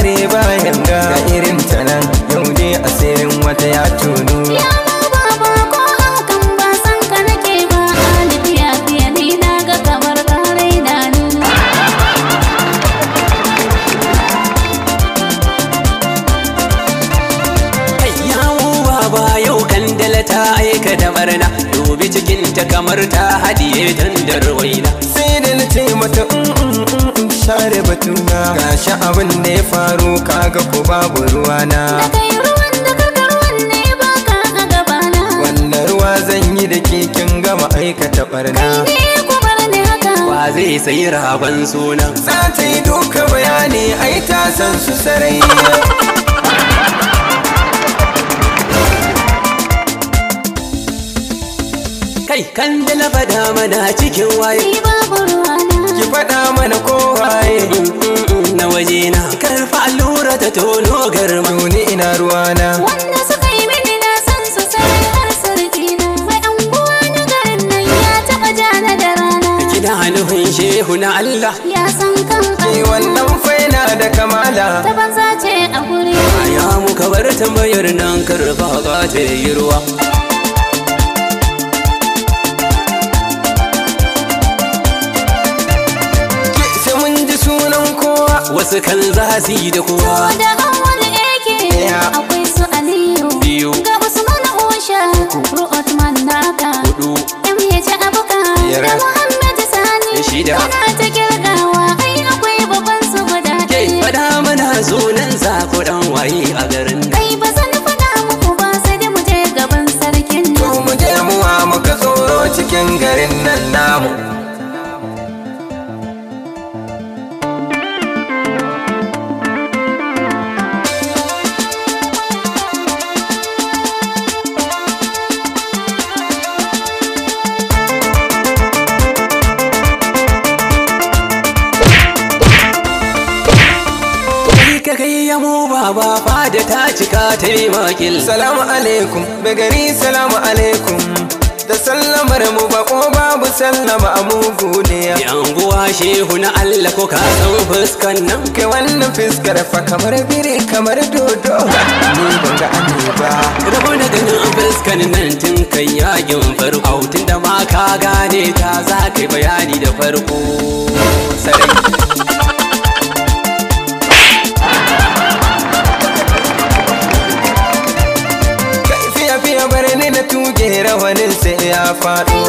kare bayan ga irin tanan yau dai asirin wata ya tudu kaga ko babu ruwa na wanda ruwa zan yi da keken gama aikata barna wa zai sayi ragon suna za ta yi duka bayani ai ta san su sarai kai kan da fada mana cikin waye ki faɗa mana ko waye na waje na karfa allura ta tono garma ni ina ruwana wanda suka yi mini na san su sai har sarki na mai buwa na garin nan ya taba jana da rana kida alhun shehu na Allah ya san kan ai wannan faina da kamala ta banza ce a guri ya muka bar tambayar nan karfa ga ta yi ruwa wasu kan za su yi da kowa da wani ake akwai su aliyu biyu ga usman usha otman naka hudu emir abuka da muhammad sani shida ana ta kirgawa ai akwai babban su guda ke fada mana sunan za waye a garin nan Rabi Makil. Salamu alaikum, begari salamu alaikum. Da sallamar mu bako babu sallama a mugu ne ya. Yanguwa shehu na Allah ko ka fuskan nan. Kai wannan fuskar fa kamar biri kamar dodo. mu ban ga ba. Rabo da ganin fuskan nan tun kai yakin farko. Tun da ma ka gane ta za ka bayani da farko. Sarai. rawanin sai ya faɗo.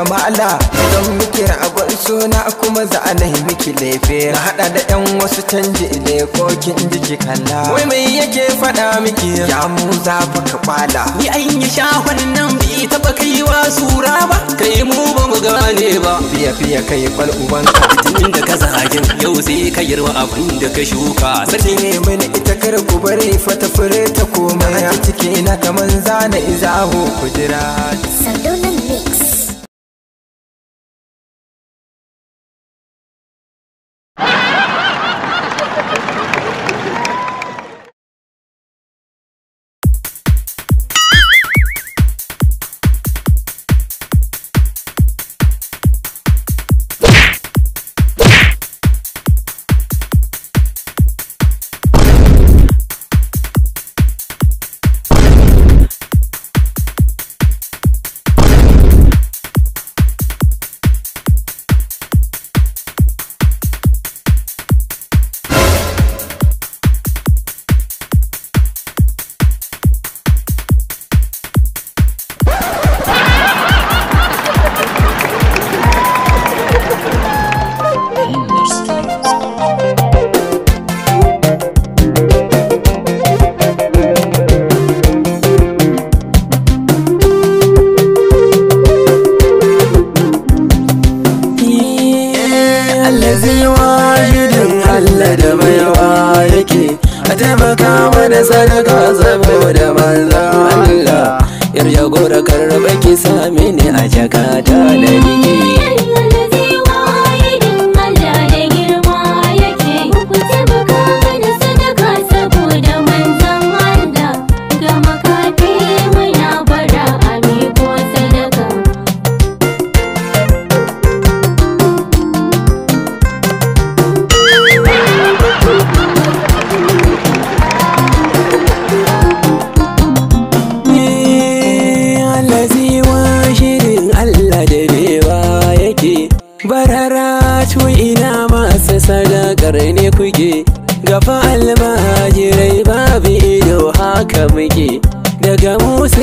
kamala don muke agon suna kuma za nahi miki laife na hada da yan wasu canji da ko kin jiki kalla wai mai yake fada miki ya mu za fa ka kwala ni an yi sha nan bi taba kaiwa sura ba kai mu ba mu gane ba fiya fiya kai kwal uban ka tun da ka zagin yau sai ka yarwa abin da ka shuka sai ne mana ita kar ku bari fata fure ta komai ciki na kaman zana izaho kujira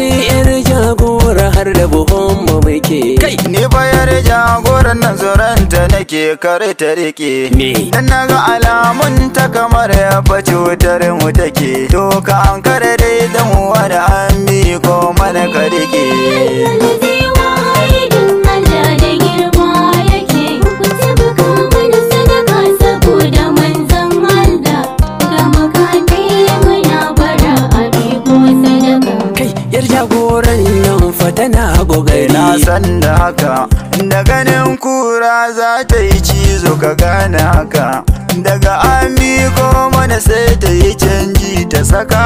yar jagora har da buhon mu muke kai ni yar jagoran nan zoran ta nake kare ta rike ni dan naga alamun ta kamar ya cutar mu take to ka an kare dai dan uwa da ambi ko mana ka rike goron nan fatana gogari na san da haka da ganin kura za ta yi cizo ka gane haka daga ami ko mana sai ta yi canji ta saka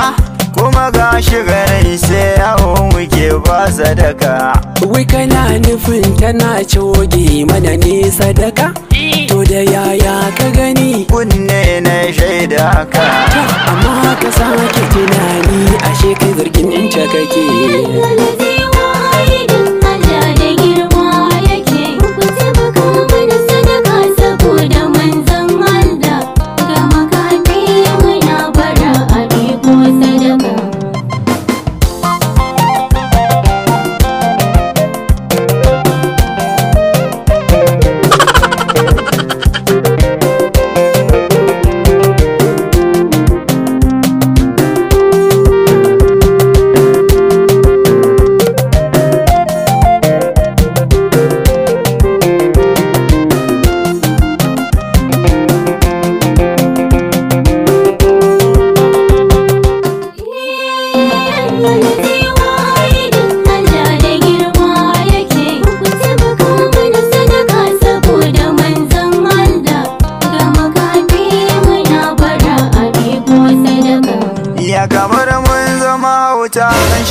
kuma ga shigarai sai yawon ke ba sadaka wai kana nufin tana coge mana ne sadaka to da yaya ka gani kunne na shaida ka amma ka sake tunani ashe kai zargin ta kake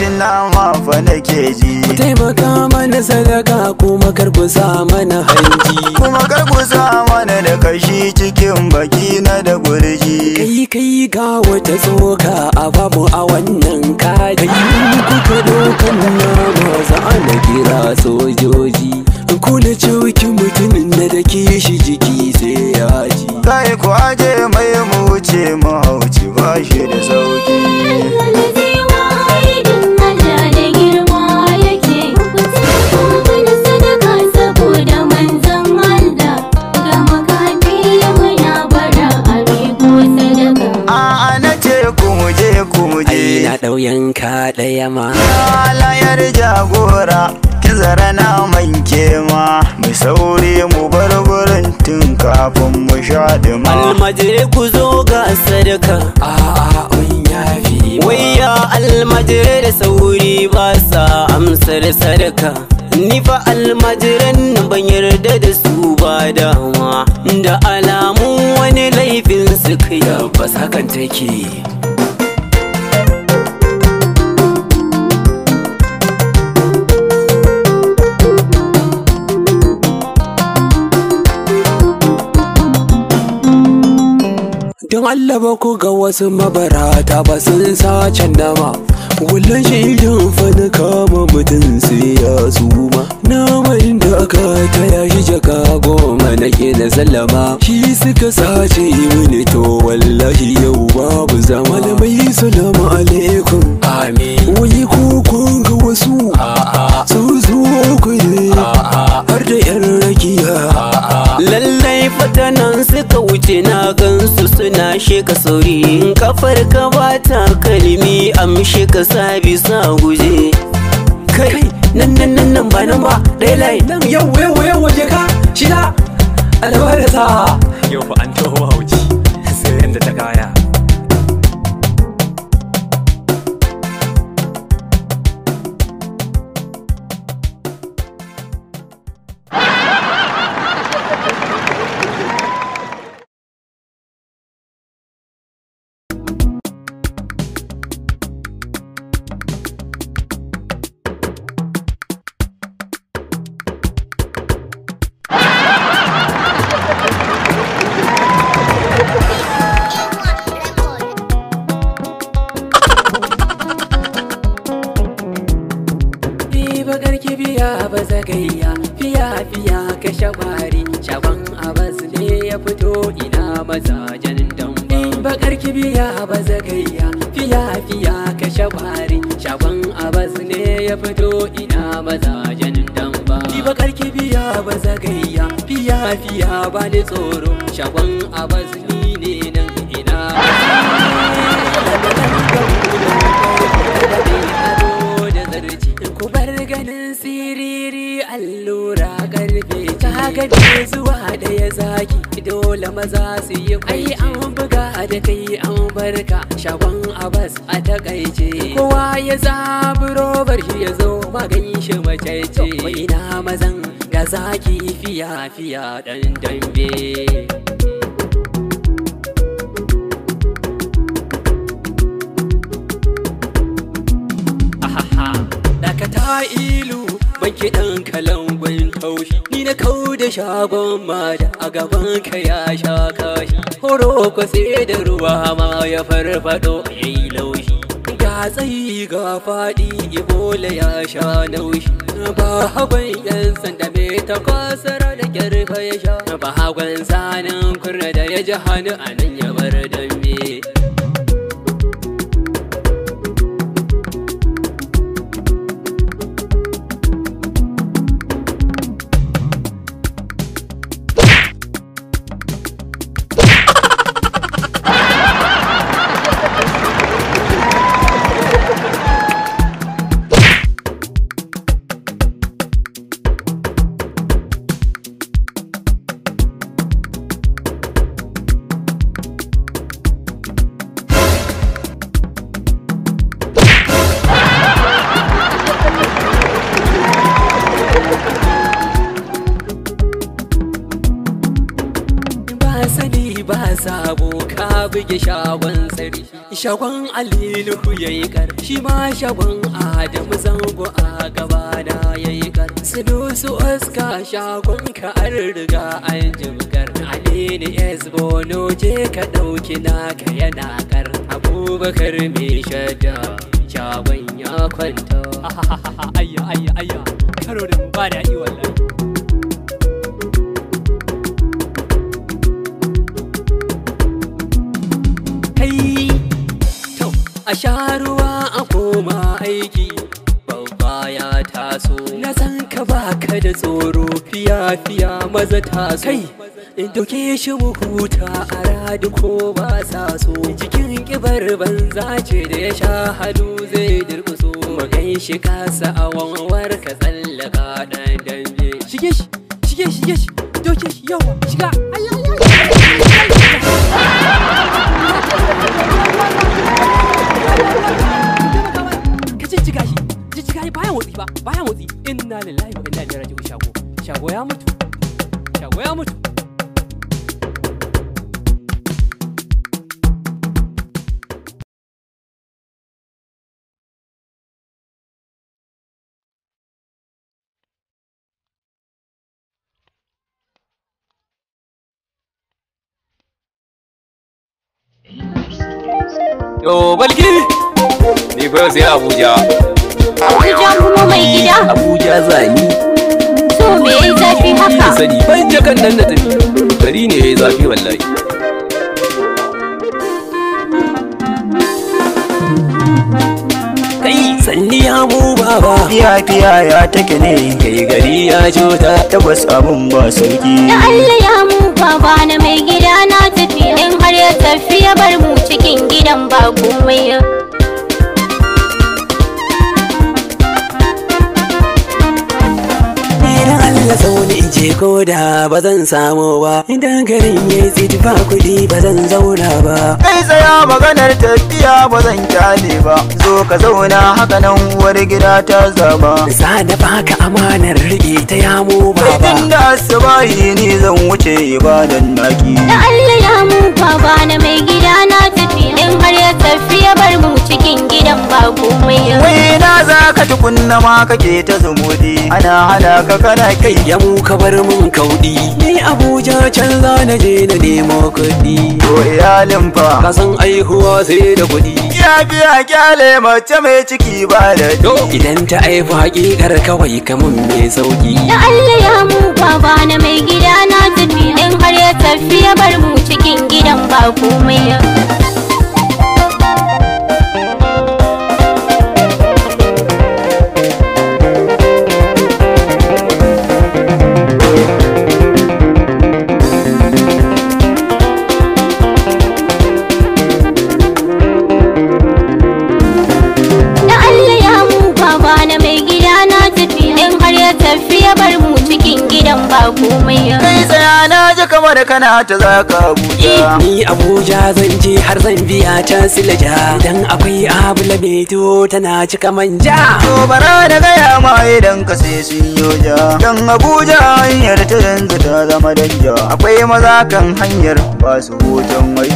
ƙanshin nama fa nake ji ku taimaka mana sadaka kuma kar ku mana hanji kuma kar ku mana da kashi cikin baki na da gurji kai kai ga wata tsoka a babu a wannan kaji kai kuka dokan nama za na kira sojoji kula cewaki mutumin na da kishi jiki sai ya ji kai ku aje mai mu wuce mu hauci ba shi da sauki ɗaya ma halayar jagora ki zara na manke ma mai sauri mu bar gurin tun kafin mu shaɗi ma almajiri ku zo ga sadaka a'a un yafi ya almajiri da sauri ba sa amsar sadaka ni fa almajiran nan ban yarda da su ba dama da alamun wani laifin kai ba sakan take bayin Allah ba ku ga wasu mabarata ba sun sace nama Wallan shi idan fani kama mutum sai ya suma Nama inda aka taya shi jaka goma na da salama. Shi suka sace mini to wallahi yau babu zama Malamai salamu alaikum Amin Wai ko kun ga wasu A'a su kuyi har da yan rakiya lallai fadanan suka wuce na gansu suna sheka sauri kafar ka bata kalmi amshe ka sabi sa guje kai nan nan nan nan ba nan ba ɗaya layi nan yau yau yau waje ka shida alabarata yau ba an taho hauci sai yanda ta kaya ki kibiya ba zagayya fiya fiya ka shawari shaban abas ne ya fito ina mazajen Ba in bakar kibiya ba zagayya fiya fiya ka shawari shaban abas ne ya fito ina mazajen damba eh, ki bakar kibiya ba zagayya fiya fiya ba ni tsoro shaban abas Ka gaji zuwa da ya zaki dole maza su yi ai an buga da kai an barka shagon abas a takaice kowa ya zabi bar shi ya zo magan shi macece ina mazan ga zaki fiya fiya dan dambe ta ilu banke dan kalan kaushi ni na kau da shagon mada a gaban ka ya sha kashi horo ko sai da ruwa ma ya farfado yayi laushi ga tsayi ga faɗi ibola ya sha laushi. ba hagon yan sanda me ta kwasara da kyarfa ya sha ba hagon sanan kurna da ya ji hannu a ya bar da shagon aliluhu ya yi kar shi ma shagon adamu zango a gabana ya yi kar sunusu oska shagon ka an riga an jimgar alini esbono je ka ɗauki naka yana kar abubakar me shadda shagon ya kwanta ayya ayya ayya karo da ba da iwala sha ruwa a koma aiki babba ya taso na san ka baka da tsoro fiya fiya maza taso kai in doke shi mu a radu ko ba sa so jikin kibar banza ce da ya sha hadu zai durkuso mu kai shi kasa a wanwar ka tsallaka dan dambe shige shige doke shi yawa shiga Shago ya mutu. Shago ya mutu. Yo, balki! Ni fa sai Abuja. Abuja kuma mai gida? Abuja zani. ban sani ban je kan nan na tafi gari ne yayi zafi wallahi kai sanni ya mu baba fiya fiya ya take ne kai gari ya cuta tabbas abun ba sauki da Allah ya mu baba na mai gida na tafi in har ya tafi ya bar mu cikin gidan ba komai na so ni in ce ko da ba zan samu ba idan garin ya yi ba kuɗi ba zan zauna ba kai tsaya maganar tafiya ba zan kyale ba zo ka zauna haka nan uwar gida ta zaba za da baka amanar riƙe ta yamo ba ba idan da asibahi ni zan wuce ibadan naki da Allah ya mu baba na mai gida na tafi in har ya tafi bar mu cikin gidan ba komai wai na za ka tukunna ma kake ta zumudi ana hana ka kana kai ya mu ka bar mun kauɗi ni abuja can za na je na nemo kuɗi to iyalin fa ka san aihuwa sai da kuɗi ya biya kyale mace mai ciki ba da to idan ta aihu hakikar kawai ka mun mai sauƙi. ya Allah ya mu baba na mai gida na tafi in har ya tafi ya bar mu cikin gidan ba komai komai kai tsaya na ji kamar kana ta zaka abuja eh, ni abuja zan je har zan biya ta silaja idan akwai abula beto tana cika manja to bara da gaya ma idan ka sai sun yoja dan abuja hanyar ta yanzu ta zama danja akwai maza kan hanyar ba su hoton wai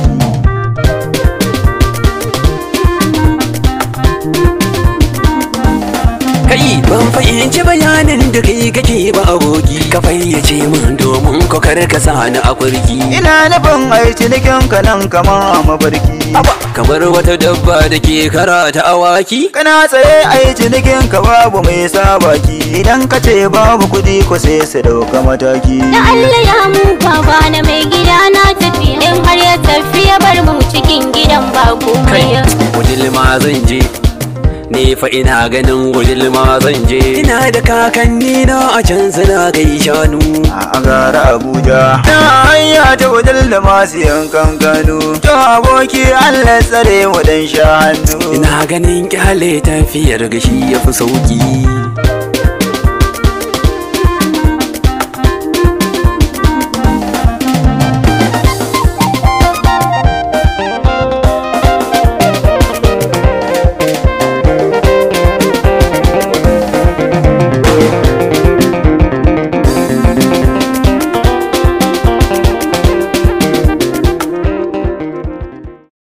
ban fahimci bayanin da kai kake ba aboki ka fayyace min domin ko kar ka sani a kurki ina nufin ai cinikin ka nan mabarki. mafarki kamar wata dabba da ke karata awaki kana tsaye ai cinikin ka babu mai sabaki idan ka ce babu kudi ko sai su dauka mataki na Allah ya mu baba na mai gida na tafi in har ya tafi ya bar mu cikin gidan ba komai kai wajil ma zan je ni ina ganin gudulma zan je ina da kakanni na a can suna kai shanu a gara abuja ta hanya ta masu yankan kankano ta aboki allah tsare mu sha hannu ina ganin kyale tafiyar gashi ya fi sauki